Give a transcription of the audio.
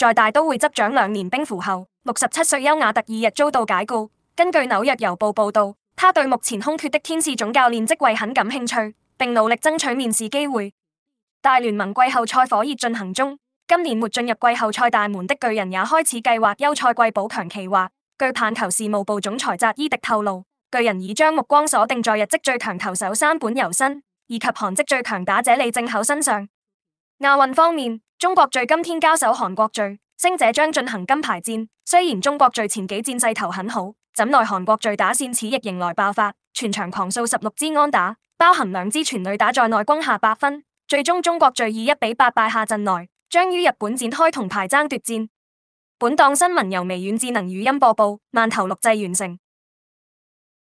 在大都會執掌兩年兵符後，六十七歲休雅特二日遭到解雇。根據紐約郵報報道，他對目前空缺的天使總教練職位很感興趣，並努力爭取面試機會。大聯盟季後賽火熱進行中，今年沒進入季後賽大門的巨人也開始計劃休賽季補強企劃。據棒球事務部總裁扎伊迪透露，巨人已將目光鎖定在日職最強投手山本由伸以及韓職最強打者李正厚身上。亞運方面。中國隊今天交手韓國隊，勝者將進行金牌戰。雖然中國隊前幾戰勢頭很好，怎奈韓國隊打綫此役迎來爆發，全場狂掃十六支安打，包含兩支全壘打在內攻下八分。最終中國隊以一比八敗下陣來，將於日本展開銅牌爭奪戰。本檔新聞由微軟智能語音播報，慢頭錄製完成。